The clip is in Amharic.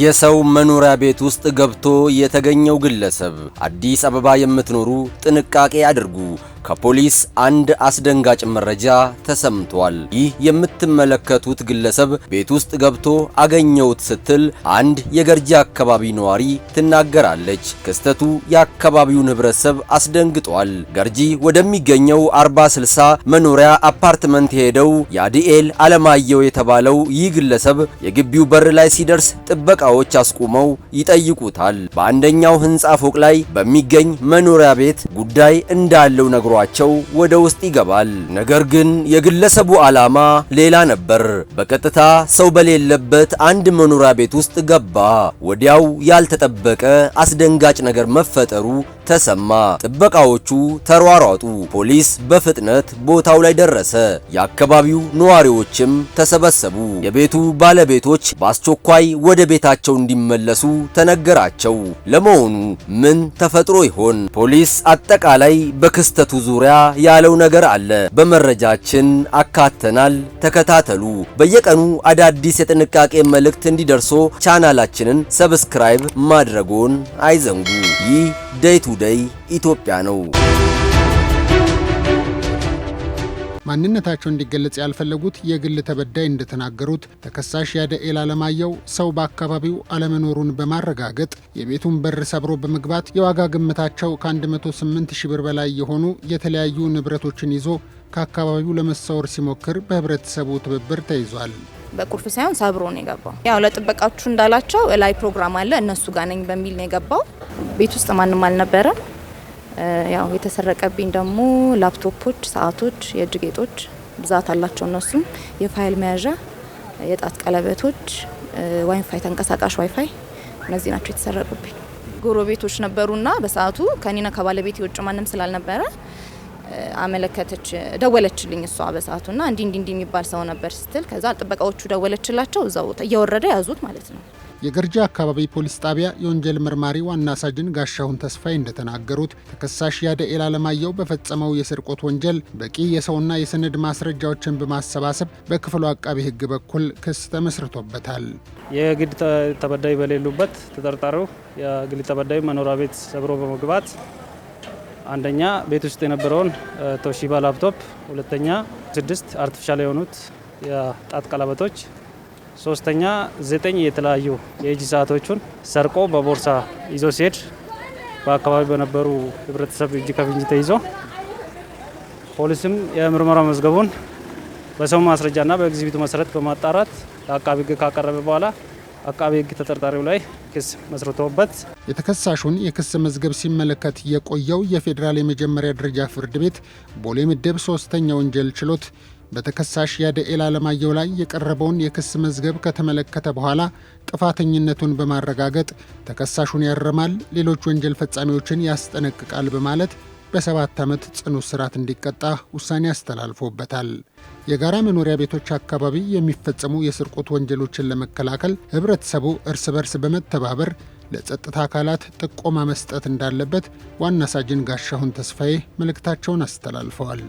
የሰው መኖሪያ ቤት ውስጥ ገብቶ የተገኘው ግለሰብ። አዲስ አበባ የምትኖሩ ጥንቃቄ አድርጉ። ከፖሊስ አንድ አስደንጋጭ መረጃ ተሰምቷል። ይህ የምትመለከቱት ግለሰብ ቤት ውስጥ ገብቶ አገኘውት ስትል አንድ የገርጂ አካባቢ ነዋሪ ትናገራለች። ክስተቱ የአካባቢውን ህብረተሰብ አስደንግጧል። ገርጂ ወደሚገኘው 460 መኖሪያ አፓርትመንት ሄደው ያዲኤል አለማየሁ የተባለው ይህ ግለሰብ የግቢው በር ላይ ሲደርስ ጥበቃዎች አስቁመው ይጠይቁታል። በአንደኛው ህንፃ ፎቅ ላይ በሚገኝ መኖሪያ ቤት ጉዳይ እንዳለው ነግሮ አእምሯቸው ወደ ውስጥ ይገባል። ነገር ግን የግለሰቡ ዓላማ ሌላ ነበር። በቀጥታ ሰው በሌለበት አንድ መኖሪያ ቤት ውስጥ ገባ። ወዲያው ያልተጠበቀ አስደንጋጭ ነገር መፈጠሩ ተሰማ። ጥበቃዎቹ ተሯሯጡ። ፖሊስ በፍጥነት ቦታው ላይ ደረሰ። የአካባቢው ነዋሪዎችም ተሰበሰቡ። የቤቱ ባለቤቶች በአስቸኳይ ወደ ቤታቸው እንዲመለሱ ተነገራቸው። ለመሆኑ ምን ተፈጥሮ ይሆን? ፖሊስ አጠቃላይ በክስተቱ ዙሪያ ያለው ነገር አለ በመረጃችን አካተናል። ተከታተሉ። በየቀኑ አዳዲስ የጥንቃቄ መልእክት እንዲደርሶ ቻናላችንን ሰብስክራይብ ማድረጎን አይዘንጉ። ይህ ዴይ ቱ ዴይ ኢትዮጵያ ነው። ማንነታቸው እንዲገለጽ ያልፈለጉት የግል ተበዳይ እንደተናገሩት ተከሳሽ ያደኤል አለማየው ሰው በአካባቢው አለመኖሩን በማረጋገጥ የቤቱን በር ሰብሮ በመግባት የዋጋ ግምታቸው ከ108 ሺ ብር በላይ የሆኑ የተለያዩ ንብረቶችን ይዞ ከአካባቢው ለመሰወር ሲሞክር በህብረተሰቡ ትብብር ተይዟል። በቁልፍ ሳይሆን ሰብሮ ነው የገባው። ያው ለጥበቃችሁ እንዳላቸው ላይ ፕሮግራም አለ እነሱ ጋር ነኝ በሚል ነው የገባው። ቤት ውስጥ ማንም አልነበረም። ያው የተሰረቀብኝ ደግሞ ላፕቶፖች፣ ሰዓቶች፣ የእጅ ጌጦች ብዛት አላቸው። እነሱም የፋይል መያዣ፣ የጣት ቀለበቶች፣ ዋይፋይ፣ ተንቀሳቃሽ ዋይፋይ እነዚህ ናቸው የተሰረቁብኝ። ጎረቤቶች ነበሩና በሰዓቱ ከኔና ከባለቤት የውጭ ማንም ስላልነበረ አመለከተች፣ ደወለችልኝ እሷ ና እንዲ እንዲ እንዲ የሚባል ሰው ነበር ስትል ከዛ ጥበቃዎቹ ደወለችላቸው። እዛው እየወረደ ያዙት ማለት ነው። የገርጂ አካባቢ ፖሊስ ጣቢያ የወንጀል መርማሪ ዋና ሳጅን ጋሻሁን ተስፋይ እንደተናገሩት ተከሳሽ ያደኤል አለማየሁ በፈጸመው የስርቆት ወንጀል በቂ የሰውና የሰነድ ማስረጃዎችን በማሰባሰብ በክፍሉ አቃቢ ሕግ በኩል ክስ ተመስርቶበታል። የግድ ተበዳይ በሌሉበት ተጠርጣሪው የግል ተበዳይ መኖሪያ ቤት ሰብሮ በመግባት አንደኛ ቤት ውስጥ የነበረውን ቶሺባ ላፕቶፕ፣ ሁለተኛ ስድስት አርቲፊሻል የሆኑት የጣት ቀለበቶች ሶስተኛ ዘጠኝ የተለያዩ የእጅ ሰዓቶቹን ሰርቆ በቦርሳ ይዞ ሲሄድ በአካባቢ በነበሩ ህብረተሰብ እጅ ከፍንጅ ተይዞ ፖሊስም የምርመራ መዝገቡን በሰው ማስረጃና በኤግዚቢቱ መሰረት በማጣራት ለአቃቢ ህግ ካቀረበ በኋላ አቃቢ ህግ ተጠርጣሪው ላይ ክስ መስርቶበት የተከሳሹን የክስ መዝገብ ሲመለከት የቆየው የፌዴራል የመጀመሪያ ደረጃ ፍርድ ቤት ቦሌ ምድብ ሶስተኛ ወንጀል ችሎት በተከሳሽ ያደኤል አለማየሁ ላይ የቀረበውን የክስ መዝገብ ከተመለከተ በኋላ ጥፋተኝነቱን በማረጋገጥ ተከሳሹን ያርማል፣ ሌሎች ወንጀል ፈጻሚዎችን ያስጠነቅቃል በማለት በሰባት ዓመት ጽኑ እስራት እንዲቀጣ ውሳኔ አስተላልፎበታል። የጋራ መኖሪያ ቤቶች አካባቢ የሚፈጸሙ የስርቆት ወንጀሎችን ለመከላከል ህብረተሰቡ እርስ በርስ በመተባበር ለጸጥታ አካላት ጥቆማ መስጠት እንዳለበት ዋና ሳጅን ጋሻሁን ተስፋዬ መልእክታቸውን አስተላልፈዋል።